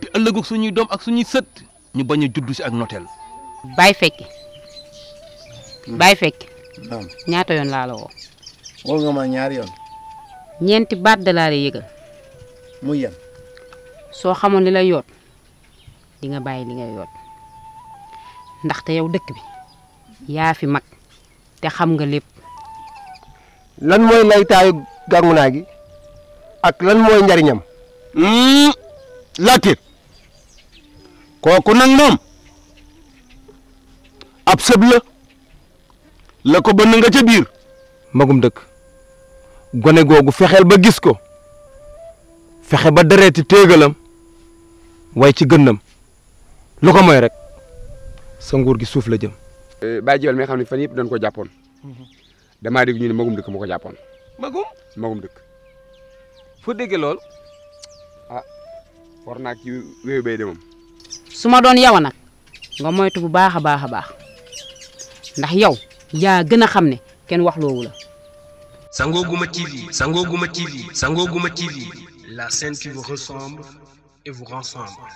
di ëllëgu suñuy doom ak suñuy sët ñu bañ a juddu si ak noteel. Baye Fekki. Hmm. Baye Fekki. ñaata yoon laa la woo. ñaari yoon. ñeenti baat da laa muy yan. soo xamoon li lay yoot di nga bàyyi li ngay yoot ndaxte yow dëkk bi yaa fi mag te xam nga lépp. lan mooy laytaayu gàngu naa ak lan mooy njariñam. Hmm? laatir kooku nag moom ab sëb la la ko ba nga ca biir magum dëkk gone googu fexeel ba gis ko fexe ba dereeti téegalam way ci gënnam lu ko mooy rek sa nguur gi suuf la jëm euh, bàyyi jiwal mi nga xam ne fan yëpp dañ ko jàppoon damaa dégg ñu ne magum dëkk moo ko jàppoon magum magum dëkk foo déggee lool ah war naa ci wéyu bay de moom su ma doon yow nag nga moytu bu baax a baax a baax ndax yow yaa gën a xam ne kenn wax loowu la. Sango Gouma TV Sango Gouma TV Sango Gouma TV la scène qui vous ressemble et vous rassemble.